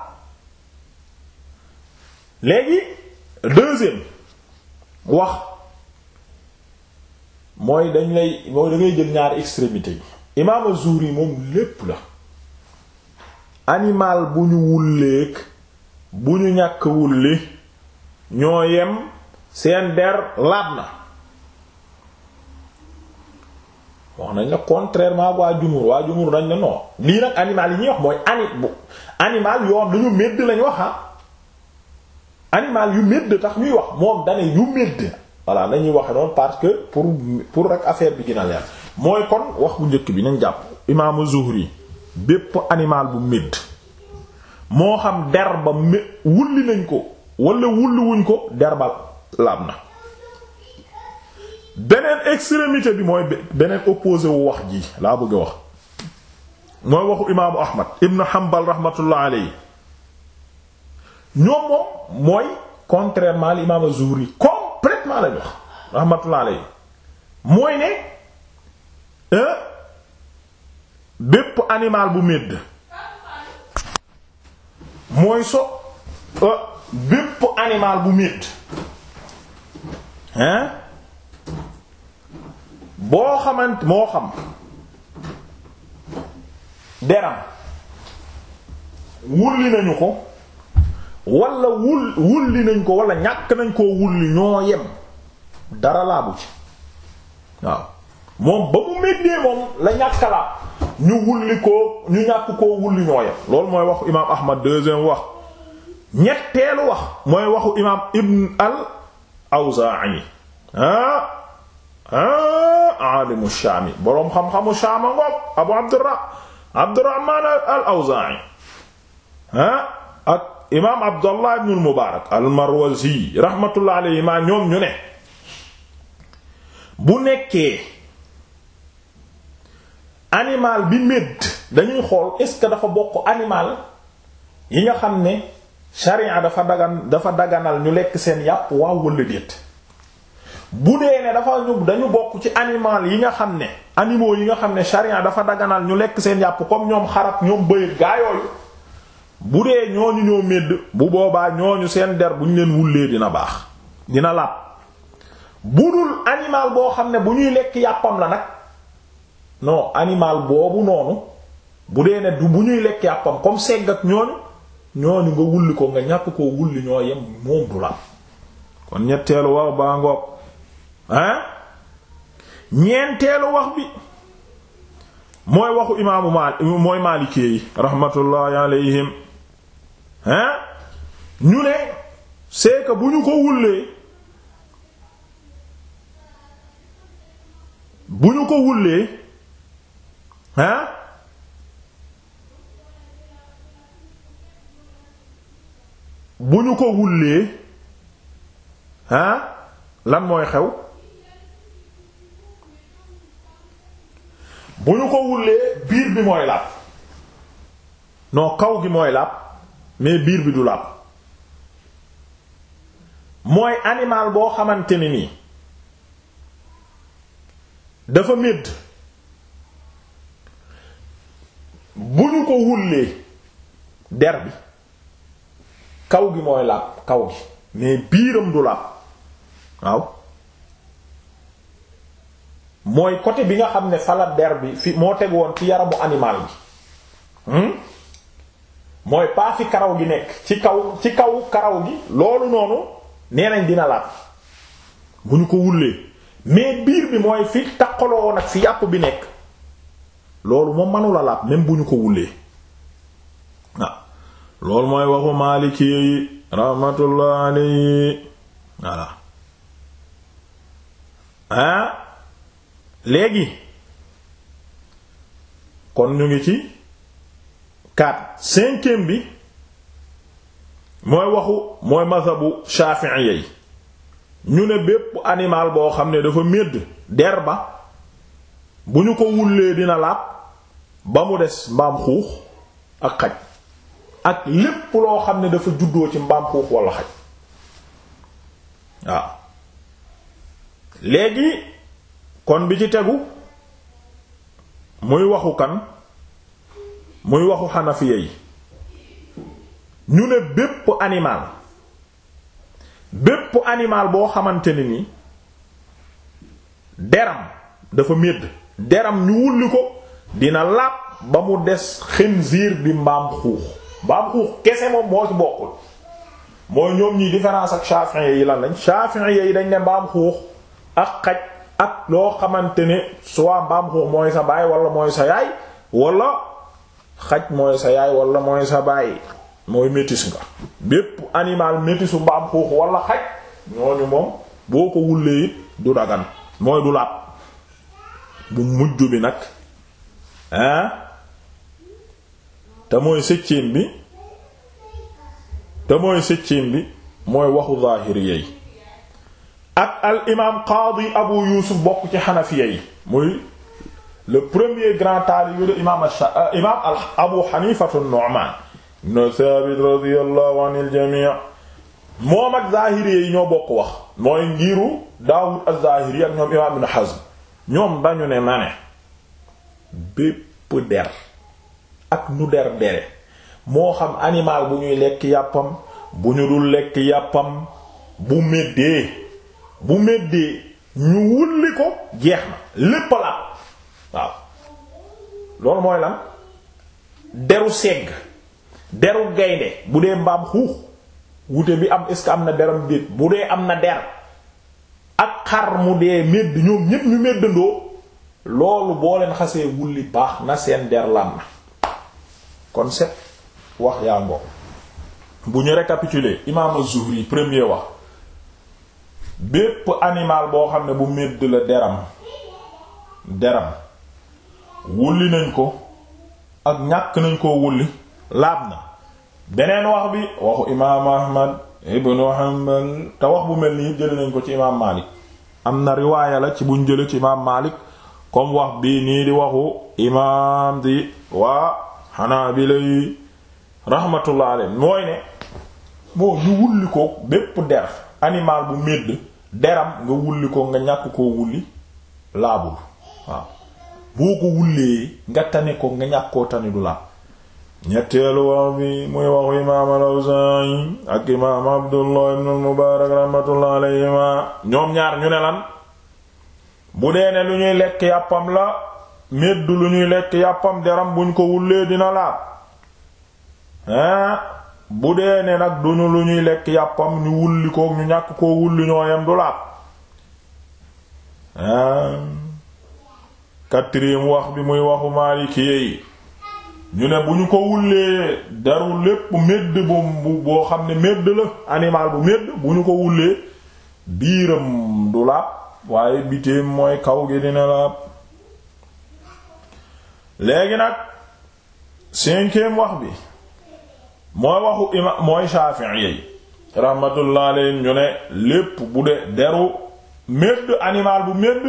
léegi deuxième wax mooy dañ lay mooy da jël ñaari extrémité yi imaam az moom lépp la animal bu ñu wulleek bu ñu ñàkk wulli ñoo yem seen der laab na wax nañ la contrairement waa jumhur waa jumhur nañ ne non lii nag animal yi ñuy wax mooy ani bu animal yoo dañu medd lañ wax ah animal yu medd tax ñuy wax moom dane yu medd voilà nañuy waxe noonu parce que pour pour rek affaire bi gën a leer mooy kon wax bu njëkk bi nañ jàpp imaamu Zuhri bépp animal bu medd moo xam der ba me wulli nañ ko wala wulli wuñ ko der ba laab na beneen extrémité bi mooy beneen opposé wu wax ji laa bëgg a wax mooy waxu imaamu ahmad ibn hanbal rahmatullah alayhi ñoom mooy contrairement lañ wax rahmatullah alayhi mooy ne bépp animal bu médd mooy so euh, bépp animal bu médd hein boo xamant moo xam deram wulli nañu ko wala wul wulli nañ ko wala ñàkk nañ koo wulli ñoo yem dara laabu ci waaw moom ba mu méddee moom la ñàkk laab ñu wulli koo ñu ñàkk koo wulli ñoo yem loolu mooy waxu imaam Ahmad deuxième wax ñetteelu wax mooy waxu imaam Ibn al Awzaa'i ah ah alimu shaami boroom xam-xamu shaama ngoog abu abdurra abdurrahman al awzaa'i ah ak imaam abdullah ibn mubaarak al marwazi rahmatullah alayhima ñoom ñu ne bu nekkee animal bi médd dañuy xool est-ce que dafa bokk animal yi nga xam ne sharia dafa dagan dafa daganal ñu lekk seen yàpp waaw walla déet bu dee ne dafa ñu dañu bokk ci animal yi nga xam ne animaux yi nga xam ne charia dafa daganal ñu lekk seen yàpp comme ñoom xarak ñoom bëyët gaa yooyu bu dee ñooñu ñoo medd bu boobaa ñooñu seen der bu ñu leen wullee dina baax dina làpp bu dul animal boo xam ne bu ñuy lekk yàppam la nag non animal boobu noonu bu dee ne du bu ñuy lekk yàppam comme segg ak ñooñu ñooñu nga wulli ko nga ñàkk koo wulli ñoo yem moom du làpp kon ñetteelu wax baa ngoog ah ñeenteelu wax bi mooy waxu imaamu maal mooy maalikee yi rahmatullahi alayhim ah ñu ne c'est bu ñu ko wullee bu ko wullee ah bu ñu ko wullee ah lan mooy xew bu ñu ko wullee biir bi mooy làpp non kaw gi mooy làpp mais biir bi du làpp mooy animal boo xamante ne nii dafa médd bu ñu ko wullee der bi kaw gi mooy làpp kaw gi mais biiram du làpp waaw mooy côté bi nga xam ne fala der bi fi moo teg woon ci yaramu animal bi hmm? mooy pas karaw gi nekk ci kaw ci kaw karaw gi loolu noonu nee nañ dina laat bu ñu ko wullee mais biir bi mooy fi taqaloo woon ak fi yàpp bi nekk loolu moom manula laat même bu ñu ko wullee waaw loolu mooy waxu Maliki yi rahmatullah ah léegi kon ñu ngi ci quatre cinquième bi mooy waxu mooy mazhabu shafi'i yi ñu ne bépp animal boo xam ne dafa médd der ba bu ñu ko wullee dina laab ba mu des mbaam xuux ak xaj ak lépp loo xam ne dafa juddoo ci mbaam xuux walla xaj waaw léegi kon bi ci tegu muy waxu kan muy waxu xanafiya yi ñu ne bépp animal bépp animal boo xamante ne ni deram dafa médd deram ñu wulli ko dina laab ba mu des xinziir bi mbaam xuux mbaam xuux kese moom moo ci bokkul mooy ñoom ñi différence ak Shafi'i yi lan lañ Shafi'i yi dañ ne mbaam xuux ak xaj ak loo xamante ne soit mbaam xuux mooy sa baay wala mooy sa yaay wala xaj mooy sa yaay wala mooy sa baay mooy métis nga bépp animal métisu mbaam xuux wala xaj ñooñu moom boo ko wullee du dagan mooy du laab bu mujj bi nag ah te mooy sëccéen bi te mooy sëccéen bi mooy waxu zaahir yeey ak al imaam qaadi abu yusuf bokk ci xanafiya yi muy le premier grand taalibe de imaam euh, abu xanifatu nu'man ibn thabit radiyallahu anil jami' moom ak zahiri yi ñoo bokk wax mooy ngiru daawud az-zahiri ak ñoom imaam ibn hazm ñoom dañu ne ma ne bépp der ak nu der dere moo xam animal bu ñuy lekk yàppam bu ñu dul lekk yàppam bu meddee bu meddee ñu wulli ko jeex na lépp laab waaw loolu mooy lan deru segg deru gaynde bu dee mbaam xuux wute bi am est ce que am na deram déet bu dee am na der ak xar mu dee medd ñoom ñépp ñu meddandoo loolu boo leen xasee wulli baax na seen der lan na concept wax yaa ngoom bu ñu récapituler imaam zuhri premier wax bépp animal boo xam ne bu medd la deram deram wulli nañ ko ak ñàkk nañ koo wulli laab na beneen wax bi waxu imaam ahmad ibnu hanbal te wax bu mel nii jële nañ ko ci imaam maalik am na riwaaya la ci buñ jële ci imaam maalik comme wax bii nii di waxu imaam di waa xanaa bi lay rahmatullah alayhi mooy ne moo ñu wulli ko bépp der animal bu médd deram nga wulli ko nga ñàkk koo wulli laabul waaw boo ko wullee nga tane ko nga ñàkk koo du laab ñetteelu wax bi muy waxu imaam al ak imaam Abdullah ibn mubaarak rahmatullah alayhima ñoom ñaar ñu ne lan bu dee ne lu ñuy lekk yàppam la médd lu ñuy lekk yàppam deram buñ ko wullee dina laab ah bu dee ne nag duñu lu ñuy lekk yàppam ñu wulli ko ñu ñàkk koo wulli ñoo du laab ah. quatrième wax bi muy waxu Maliki yi ñu ne bu ñu ko wullee daru lépp médd bu boo xam ne médd la animal bu médd bu ñu ko wullee biiram du laab waaye bitéem mooy kaw gi dina laab léegi nag cinquième wax bi mooy waxu ima mooy Shafi'i yi rahmatullah ñu ne lépp bu de deru médd animal bu médd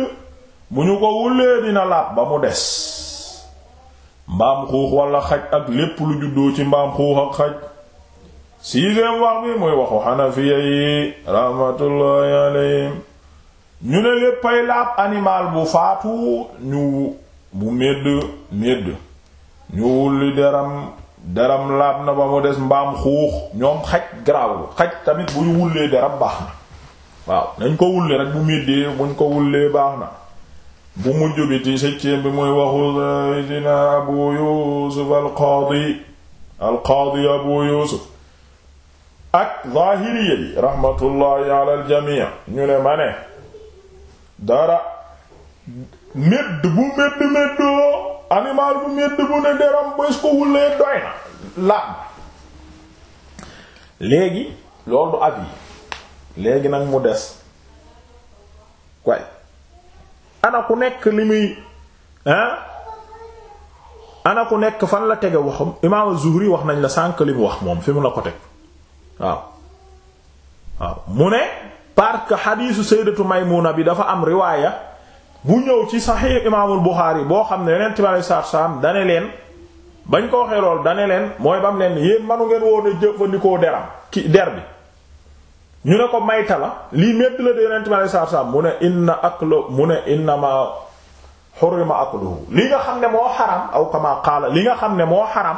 bu ñu ko wulee dina laab ba mu des mbaam xuux wala xaj ak lépp lu juddoo ci mbaam xuux ak xaj sixième wax bi muy waxu xanafiya yi rahmatullahi alayhim ñu ne léppay laab animal bu faatu ñu bu médd médd ñu wulli deram deram laab na ba mu des mbaam xuux ñoom xaj garaawul xaj tamit bu ñu wullee deram baax na waaw nañ ko wulle rek bu middee buñ ko wullee baax na bu mujj bi ci sëccéen bi muy waxu seydina abu abu yuusuf ak zahiriya yi raxmatullaahi ala ñu ne ma ne dara medd bu medd meddoo animal bu medd bu ne deram bés ko wullee doy na laab léegi loolu ab yi léegi nag mu des way ana nekk li muy hein ana ku nekk fan la tege waxam imaam Zuhri wax nañ la sànk li mu wax moom fi mu la ko teg waaw waaw mu ne parce que xadiisu sayyidatu Maymuna bi dafa am riwaaya bu ñëw ci saxiix imaamul Buxaari boo xam ne yonent bi alayhi salaatu salaam dane leen bañ ko waxee lool dane leen mooy bam leen yéen manu ngeen woon a jëfandikoo deram ki der ñu ne ko mayta la lii médd la de yonent bi alayhi salaatu salaam mu ne inna aklu mu ne ma ak akluhu li nga xam ne moo xaram aw kama qaala li nga xam ne moo xaram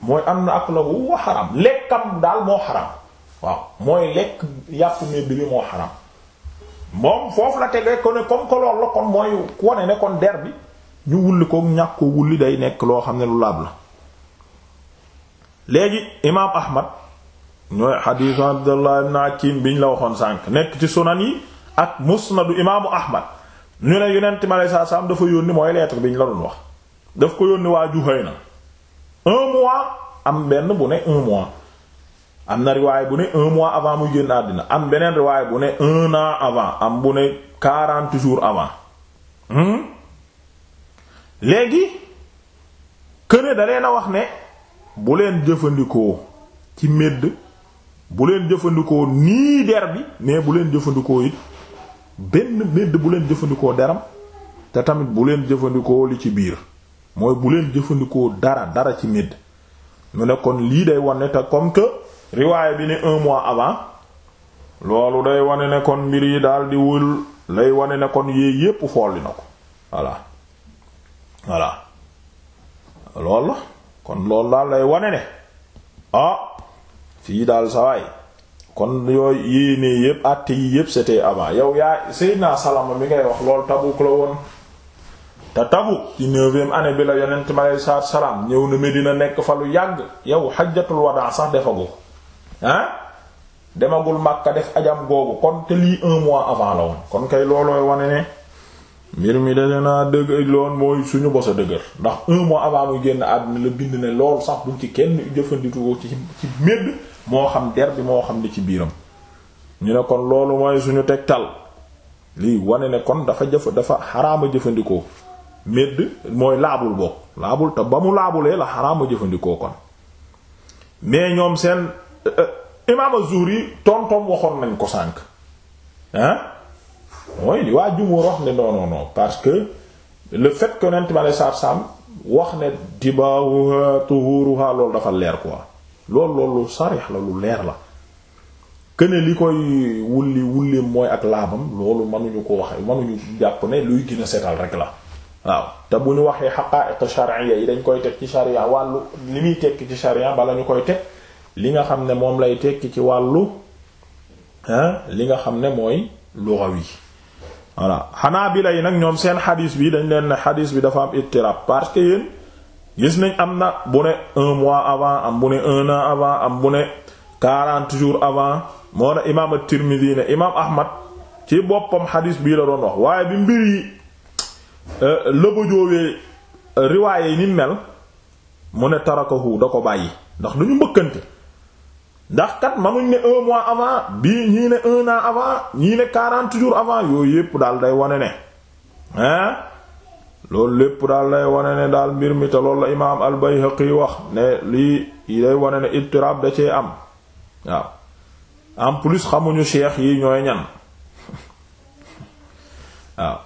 mooy am na akluhu wa xaram lekkam daal moo xaram waaw mooy lekk yàpp médd bi moo xaram moom foofu la tegee ko ne comme que loolu la kon mooy wane ne kon der bi ñu wulli ko ñàkk ko wulli day nekk loo xam ne lu laab la léegi imaam ahmad ñooy xadiisu abdullah ibn akim biñ la waxoon sànq nekk ci sunan yi ak musnadu imaamu ahmad ñu ne yonent mi aleyhi salaatu salaam dafa yónni mooy bi ñu la doon wax daf ko yónni waa Juhayna un mois am benn bu ne un mois am na riwaay bu ne un mois avant muy génn àddina am beneen riwaay bu ne un avant am bu ne quarante jours avant hmm? léegi këne da leen a wax ne bu leen jëfandikoo ci medd bu leen jëfandikoo nii der bi mais bu leen jëfandikoo it benn medd bu leen jëfandikoo deram te tamit bu leen jëfandikoo li ci biir mooy bu leen jëfandikoo dara dara ci medd mu ne kon lii day wone te comme que riwaaya bi ne un mois avant loolu day wane ne kon mbir yi daal di wul lay wane ne kon yéeg yépp folli na ko voilà voilà loolu la kon loolu daal lay wane ne ah fii daal sawaay kon yooyu yéene yépp àtte yi yépp c'était avant yow yaa Seydina Salama mi ngay wax loolu Tabuk la woon te Tabuk ci neuvième année bi la yonent mi aleyhi salaatu wa salaam ñëw na Medina nekk fa lu yàgg yow xajjatul wadaa sax defagu ko ah demagul Makka def ajam googu kon te lii un mois avant la woon kon kay loolooy wane ne mbir mi dana naa dëgg lool mooy suñu bos a dëgër ndax un mois avant muy génn àddina la bind ne loolu sax buñ ci kenn jëfandikoo ci ci médd moo xam der moo xam ni ci biiram ñu ne kon loolu mooy suñu tegtal lii wane ne kon dafa jëf dafa xaraama jëfandikoo médd mooy laabul bokk laabul te ba mu laabulee la xaraama jëfandikoo kon mais ñoom seen Euh, imaam az yi tontom waxoon nañ ko sànq ah mooy li waa jumóor wax ne non parce que le fait que yonent bi alei satu wax ne dibaahuha tuhuruha loolu dafa leer ko loolu loolu lu sarix la lu leer la këne li koy wulli wulleem mooy ak laabam loolu mënuñu ko waxe mënuñu jàpp ne luy gën a setal rek la waaw te bu ñu waxee xaqaa'iq shar'iyya yi dañ koy teg ci sharia wàllu li muy tekki ci sharia bala ñu koy teg li nga xam ne moom lay tekki ci wàllu li nga xam ne mooy yi voilà xanaa bi lay nag ñoom seen xadis bi dañ leen ne xadis bi dafa am ittirab parce que yéen gis nañ am na bu ne un mois avant am bu ne un avant am bu ne quarante jours avant moo ne imaam at ne imaam Ahmad ci boppam xadis bii la doon wax waaye bi mbir yi euh, lëbajoowee euh, riwaaye yi ni mel mu ne tarakahu da ko bàyyi ndax duñu mbëkkante ndax kat manuñ ne un mois avant bii ñii ne un an avant ñii ne quarante jour avant yooyu yépp daal day wane ne hein loolu lépp daal day wane ne daal mbir mi te loolu la imaam al-Bayhaqi wax ne lii day wane ne ittirab da cee am waaw en plus xamuñu cheikh yi ñooy ñan waaw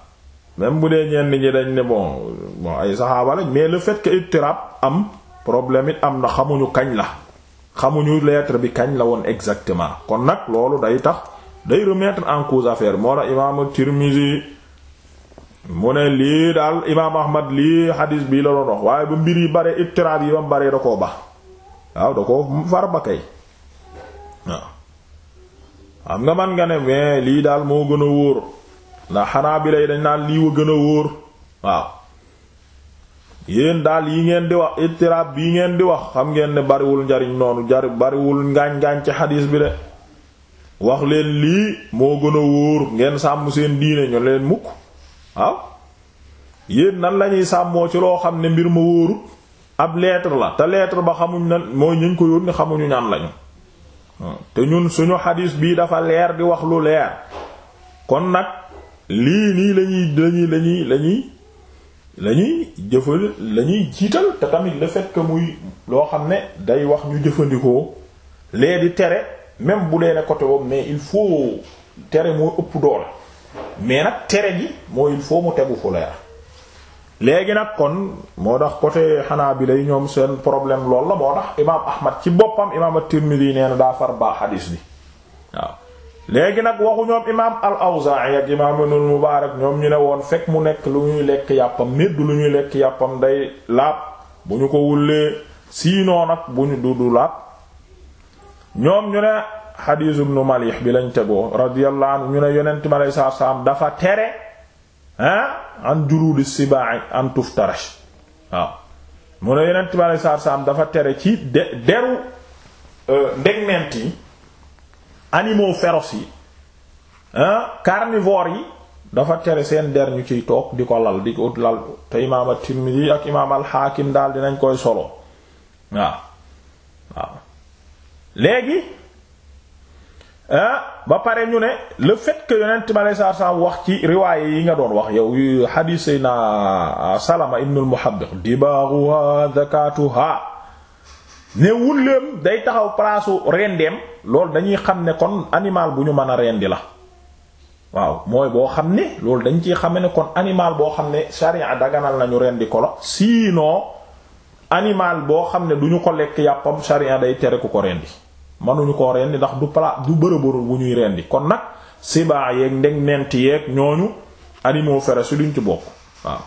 même bu dee ñenn ñi dañ ne bon ay saxaaba lañ mais le fait que am problème it am na xamuñu kañ la xamuñu lettre bi kañ la woon exactement kon nag loolu day tax day remettre en affaire moo la imaam mu ne lii daal imaam Ahmad lii xadiis bi la doon waaye ba mbir yi bare ittiraab yi ba mu bare da koo bax waaw da koo far ba kay waaw xam nga man nga ne mais lii daal moo gën a wóor ndax xanaa bi lay dañ naan lii wa gën a wóor waaw yéen daal yi ngeen di wax itiraab bii ngeen di wax xam ngeen ne bariwul njariñ noonu jar bariwul ngaañ-ngaañ ci xadiis bi de wax leen lii moo gën a wóor ngeen sàmm seen diine ñu leen mukk waaw yéen nan lañuy sàmmoo ci loo xam ne mbir ma wóorut ab lettre la te lettre ba xamuñ nan mooy ñu ko yónni xamuñu ñan lañu hmm. te ñun suñu xadiis bii dafa leer di wax lu leer kon nag lii nii lañuy lañuy lañuy lañuy la jëfal la ñuy jiital te tamit le fait que muy loo xam ne day wax ñu jëfandikoo lee di tere même bu dee ne côté boobu mais il faut tere mooy ëpp doole mais nag tere gi mooy il faut mu tegu fu leer léegi nag kon moo tax côté xanaa bi lay ñoom seen problème lool la moo tax imaam Ahmad ci boppam imaam at-Tirmidhi nee na daa far baax xadiis bi waaw léegi nag waxu ñoom imaam al awzaa'i ak imaam ibnul mubaarak ñoom ñu ne woon fekk mu nekk lu ñuy lekk yàppam médd lu ñuy lekk yàppam day laab bu ñu ko wullee siinoo nag bu ñu dudu laab ñoom ñu ne xadiis ibnu malih bi lañ tegoo radiyallahu anhu ñu ne yonent bi aleyhi saam dafa tere ah an juluudi sibaa'i an tuftarash waaw mu ne yonent bi aleyhi salaatu dafa tere ci de deru euh, ndegmeent yi animaux féroces yi carnivores yi dafa tere seen der ñu ciy toog di ko lal di ko lal te imaam at-Tirmidhi ak imaam al daal dinañ koy solo waaw waaw léegi ba pare ñu ne le fait que yonent ma saa saa wax ci riwaaye yi nga doon wax yow xadiis Seydina Salama ibnul Muhabbiq dibaaruha zakatuha ne wulleem day taxaw palaasu rendeem loolu dañuy xam ne kon animal bu ñu mën a rendi la waaw mooy boo xam ne loolu dañ ciy xame ne kon animal boo xam ne sharia daganal nañu rendi ko la sinon animal boo xam ne du ñu ko lekk yàppam sharia day tere ku ko rendi mënuñu koo rendi ndax du pala du bërëbërul bu ñuy rendi kon nag sibaa yeeg ndeg nent yeeg ñooñu animaux fera su duñ ci bokk waaw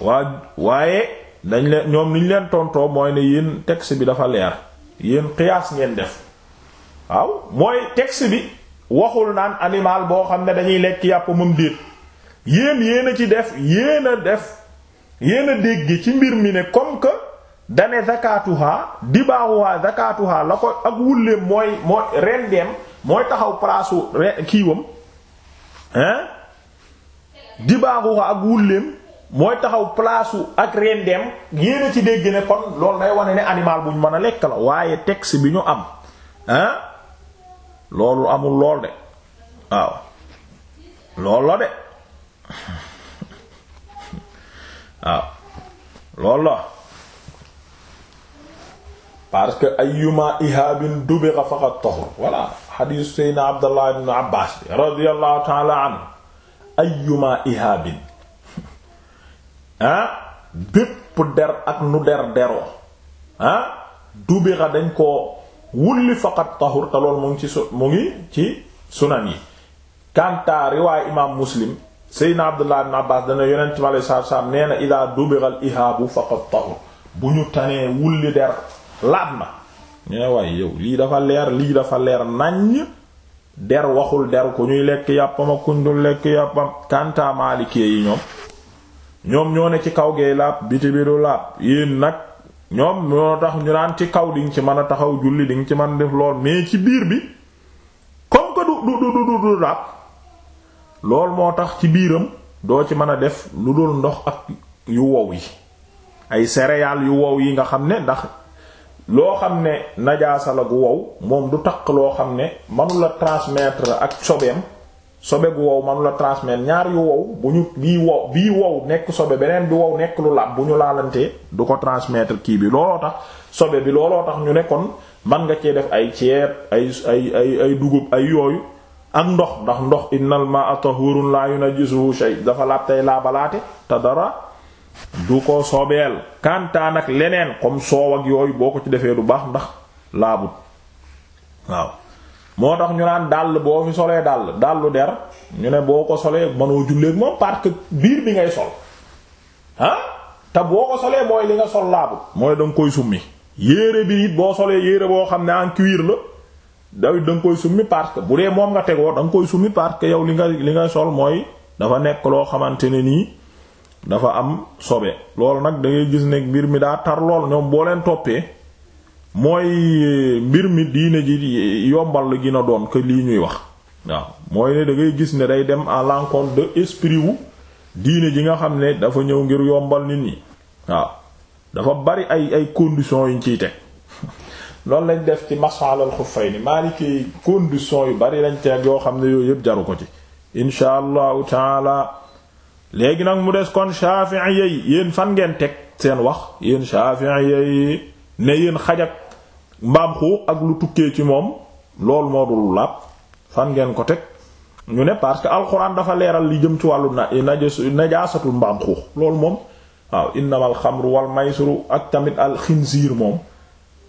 waa waaye dañ leen ñoom niñ leen tontoo mooy ne yéen texte bi dafa leer yéen qiyaas ngeen def waaw mooy texte bi waxul naan animal boo xam ne dañuy lekk yàpp moom déet yéen yéen a ci def yéen def yéen a dégg ci mbir mi ne comme que dane zakatuha dibaahuha zakatuha la ko ak wulleem mooy mooy rendeem mooy taxaw palaasu kiiwam hein dibaahuha ak wulleem mooy taxaw place ak rendeem yéen ci dégg ne kon loolu day wane ne animal bu ñu mën a lekk la waaye texte bi ñu am ah loolu amul lool de waaw loolu la parce que ayyuma ihaabin dubiga faqad tahur voilà hadith sayyidina Abdallah ibn Abbas radiyallahu ta'ala anhu ayyuma ihaabin ah bépp der ak nu der deroo ah dubira dañ koo wulli faqat tahur te loolu mu ngi ci mu ngi ci sunan yi kanta riwaay imam muslim seydna abdullah ibn abbas dana yonent mi alei satu salaam nee na ida dubira al ihaabu faqat tahur bu ñu tanee wulli der laab na ñee waaye yow lii dafa leer lii dafa leer naññ der waxul der ku ñuy lekk yàppam kuñ dul lekk yàppam kanta maalikee yi ñoom ñoom ñoo ne ci kaw gee làpp biti bi du laab yéen nag ñoom ñoo tax ñu naan ci kaw di ci mën a taxaw julli di ci mën a def lool mais ci biir bi comme que du moo tax ci biiram doo ci mën a def lu dul ndox ak yu wow yi ay céréales yu wow yi nga xam ne ndax loo xam ne najaasala la gu wow moom du taq loo xam ne mënula transmettre ak sobeem sobe gu wow manu la transmettre ñaar yu wow bu ñu bii wow bii wow nekk sobe beneen bi wow nekk lu làpp bu ñu laalantee du ko transmettre kii bi looloo tax sobe bi looloo tax ñu nekkoon man nga cee def ay ceeb ay ay ay dugub ay yooyu ak ndox ndax ndox na innal ma'a tahurun la yunajjisuhu shay dafa laab tey laabalaate te dara du ko sobeel kantaan ak leneen comme soow ak yooyu boo ko ci defee lu baax ndax laabut waaw moo tax ñu naan dàll boo fi solee dàll dàllu der ñu ne boo ko solee mënoo julleek moom park que biir bi ngay sol ah te boo ko solee mooy li nga sol laabu mooy da koy summi yére bi it boo solee yére boo xam ne en cuir la dawit da nga koy summi parce que bu dee moom nga tegoo da nga koy summi parce yow li nga li ngay sol mooy dafa nekk loo xamante ne nii dafa am sobe loolu nag da ngay gis ne mbir mi daa tar lool ñoom boo leen toppee mooy mbir mi diine ji yombal la gën a doon que lii ñuy wax waaw mooy ne da ngay gis ne day dem à l'encontre de esprit wu diine ji nga xam ne dafa ñëw ngir yombal nit ñi waaw dafa bari ay ay conditions yuñ ciy teg loolu lañ def ci mas'alal xuffayni maaliki conditions yu bari lañ teg yoo xam ne yooyu yëpp jaru ko ci insha allahu taala léegi nag mu des kon Shafi'i yi yéen fan ngeen teg seen wax yéen Shafi'i yi ne yéen xajak mbaam xuux ak lu tukkee ci moom loolu moo dul laab fan ngeen ko teg ñu ne parce que alxuraan dafa leeral li jëm ci wàllu najaasatul mbaam xuux loolu moom waaw innamal xamru wal maysiru ak tamit al xinsiir moom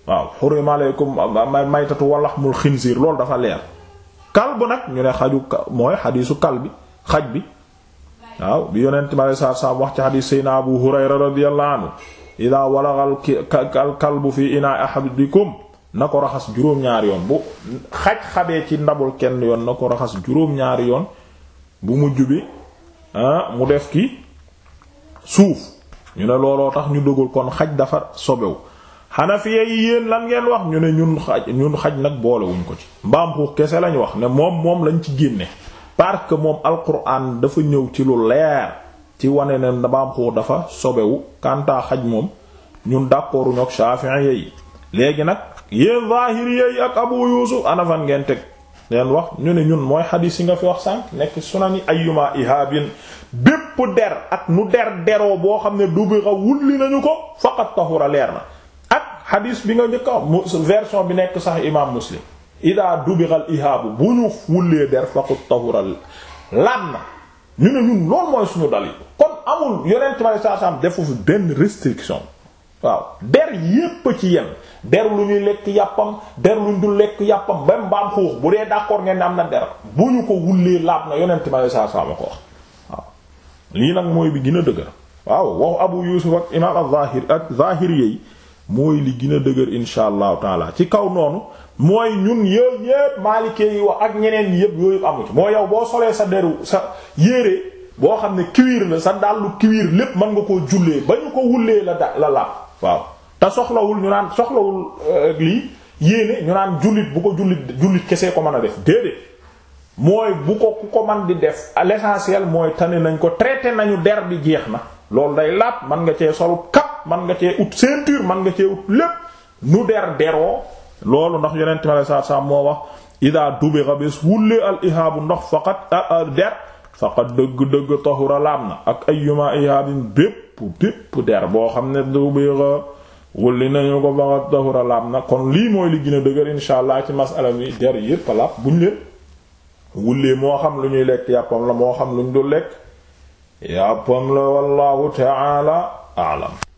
waaw xurima alaykum maytatu wa laxmul xinsiir loolu dafa leer kalbu nag ñu ne xaju mooy xadiisu kal bi xaj bi waaw bi yonent ma lay saar saam wax ci xadiis sayna abu hurayra radiyallahu anhu idaa walagal kalbu fi inaa ahadikum na ko raxas juróom-ñaari yoon bu xaj xabee ci ndabul kenn yoon na ko raxas juróom-ñaari yoon bu mujj bi ah, mu def ki suuf ñu ne looloo tax ñu duggul kon xaj dafa sobewu xanafiya yi yéen lan ngeen wax ñu ne ñun xaj ñun xaj nag boolewuñ ko ci mbaam xuux kese lañ wax ne moom moom lañ ci génne parce que moom alquran dafa ñëw ci lu leer ci wane ne mbaam xuux dafa sobewu kanta xaj moom ñun d'accordu ñoog Shafi'i yi léegi nag yéen zahiri yi ak Abu Yusuf ana ngeen teg leen wax ñu ne ñun mooy xadiis yi nga fi wax sànq nekk sunani ayyuma ihaabin bépp der ak nu der deroo boo xam ne dubira wulli nañu ko faqat tahura leer na ak xadiis bi nga njëkk version bi nekk sax imam Muslim ida dubiral ihaabu bu ñu wullee der faqat tahura laab na ñu ne ñun loolu mooy suñu dal yi kon amul yonent bi sallallahu alayhi wasallam defu fi benn restriction waaw der yépp ci yem der lu ñuy lekk yàppam der lu ñu dul lekk yàppam ba mbaam xuux bu dee d'accord ngeen ne am na der bu ñu ko wullee laab na yonent bi sallallahu alayhi ko wax waaw lii nag mooy bi gën a dëgër waaw waxu Abu Yusuf ak imaam az-Zahir ak Zahir yeey mooy li gën dëgër insha allahu taala ci kaw noonu mooy ñun yooyu yépp maalikee yi wax ak ñeneen yépp yooyu amu ci moo yow boo solee sa deru sa yére boo xam ne kiwir la sa dàllu cuir lépp mën nga koo jullee ba ñu ko wullee la da la laab waaw te soxlawul ñu naan soxlawul euh, lii yéene ñu naan jullit bu ko jullit jullit kese ko mën a def déedéet mooy bu ko ku ko man di def l'essentiel mooy tane nañ ko traité nañu der bi jeex na loolu day laab man nga cee solu cap man nga cee ut ceinture nga cee lépp nu der deroo loolu ndax yonent moo wax ida dubiga bés wullee al ihaabu ndox faqat der faqad dëgg-dëgg tahura laab na ak ayyuma ihaadin bépp bépp der boo xam ne du biira wulli nañu ko faqad tahura laab na kon lii mooy li gën dëgër insha allah ci masala mi der yépp laab buñ leen wullee moo xam lu ñuy lekk yàppam la moo xam lu ñu dul lekk yàppam la wallahu ta'ala a'lam